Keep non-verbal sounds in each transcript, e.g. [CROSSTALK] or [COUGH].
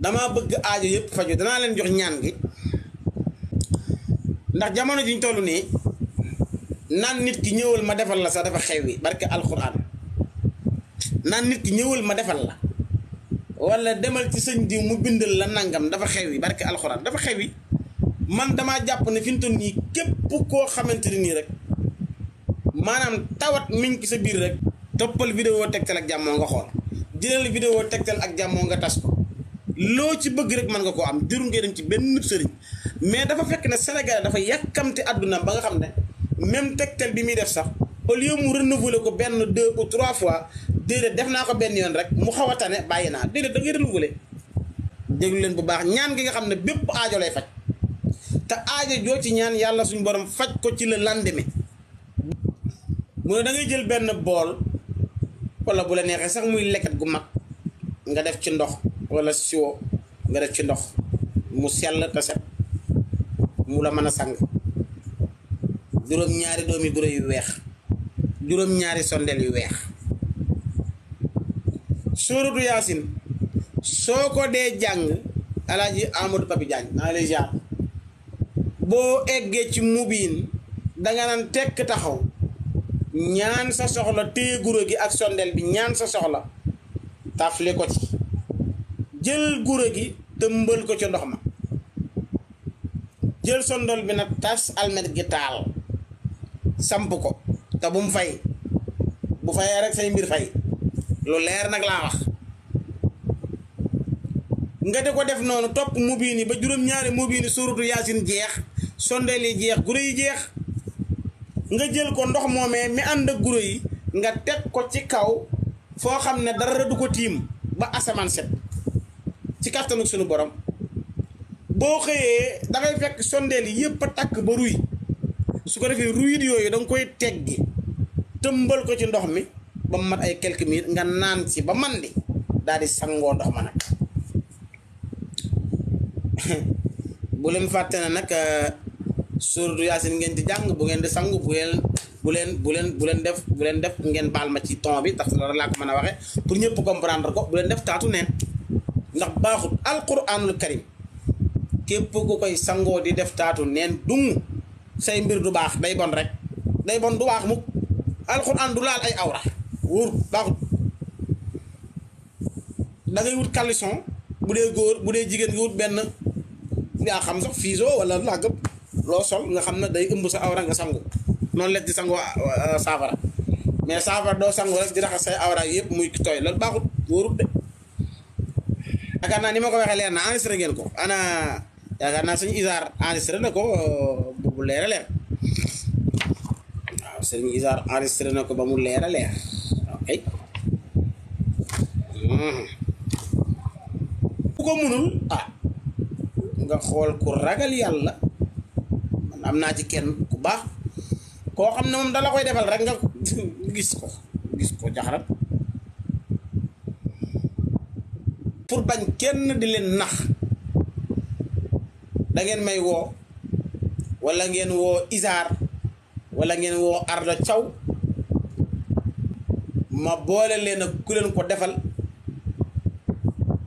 dama bëgg aajo yëpp faju dana leen jox ñaan gi ndax jamono jiñ tollu ni nan nit ki ñëwul ma defal la sa dafa xew wi barke alquran nan nit ki ñëwul ma defal la wala demal ci sëñ diw mu bindal la nangam dafa xew wi barke alquran dafa xew wi man dama japp ne fiñ tun ni kep ko xamanteni ni rek manam tawat miñ ki sa bir rek toppal video tegtal ak jàmmoo nga xol jëlal video ak jàmmoo nga tas loo ci bëgg rek mën nga koo am jur ngay dem ci benn sëriñ mais dafa fekk ne Sénégal dafa yàkkamti àdduna ba nga xam ne même tegtal bi muy def sax au lieu mu renouveler ko benn deux ou trois fois déedéet def naa ko benn yoon rek mu xaw a tane bàyyi naa déedéet da ngay renouveler déglu leen bu baax ñaan gi nga xam ne bépp aajo lay faj te aajo joo ci ñaan yàlla suñu borom faj ko ci le lendemain mu ne da ngay jël benn bool wala bu la neexee sax muy lekkat gu mag nga def ci ndox wala siwo nga def ci ndox mu sell te set mu la mën a sang juróom-ñaari doomi guro yu weex juróom-ñaari sondel yu weex suuratu yaasin soo ko dee jàng alaaji Amadou Papi Diagne naa lay jaar boo eggee ci mubiin danga naan tekk taxaw ñaan sa soxla téye guro gi ak sondel bi ñaan sa soxla tafli ko ci jël gure gi tëmbal ko ci ndox ma jël sondol bi nag tas almet gi taal samp ko te bu mu fay bu fayee rek say mbir fay lu leer nag laa wax nga di ko def noonu topp mubiini ba juróom-ñaari mubiini suuratu yaasin jeex sondeel yi jeex gure yi jeex nga jël ko ndox moomee mi ànd ak gure yi nga teg ko ci kaw foo xam ne dara du ko tiim ba asamaan set ci kàttanu suñu borom boo xëyee da ngay fekk sondeel yi yëpp takk ba ruy su ko defee ruyit yooyu da nga koy teggi tëmbal ko ci ndox mi ba mat ay quelques minutes nga naan ci ba man di daal di sangoo ndox ma nag [LAUGHS] bu leen fàtte ne nag euh, surdu yaasin ngeen di jàng bu ngeen di sangu bu ngeen bu leen bu leen bu leen def bu leen def ngeen baal ma ci ton bi tax la laa ko mën a waxee pour ñëpp comprendre ko bu leen def taatu neen ndax baaxut alquranul karim képp ku koy sangoo di def taatu neen dung say mbir du baax day bon rek day bon du baax mukk alquran du laal ay awra wóor baaxut da wut calson bu dee góor bu dee jigéen gi wut benn yaa xam sax fiso wala làggab loo sol nga xam ne day ëmb sa awra nga sangu noonu lekk di sangoo euh, saafara mais saafara doo sangoo rek di raxas say awra yëpp muy tooy loolu baaxut wóorut de yaakaar naa ni ma ko waxee leer na enregistré ngeen ko ana yaakaar naa suñu isaar enregistré na ko leer a leer waaw suñu na ko ba mu leer a leer ok bu hmm. ko munul ah nga xool ku ragal yàlla man am naa ci kenn ku baax koo xam ne moom dala koy defal rek nga gis ko gis ko jaxaram pour bañ kenn di leen nax da ngeen may woo walla ngeen woo Isaar walla ngeen woo Arda caw ma boole leen ak ku leen ko defal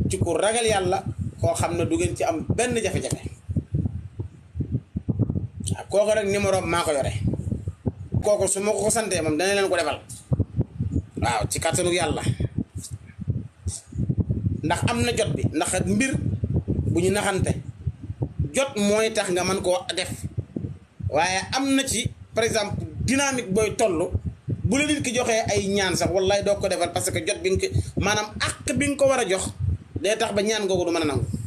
ci ku ragal yàlla koo xam ne du ngeen ci am benn jafe-jafe waaw kooku rek numéro maa ko yore kooku su ma ko santee moom dana leen ko defal waaw ci kàttanu yàlla. ndax am na jot bi ndax mbir bu ñu naxante jot mooy tax nga mën koo def waaye am na ci par exemple dynamique booy toll bu la ki joxee ay ñaan sax wallaay doo ko defal parce que jot bi nga ko maanaam àq bi nga ko war a jox day tax ba ñaan googu du mën a nangu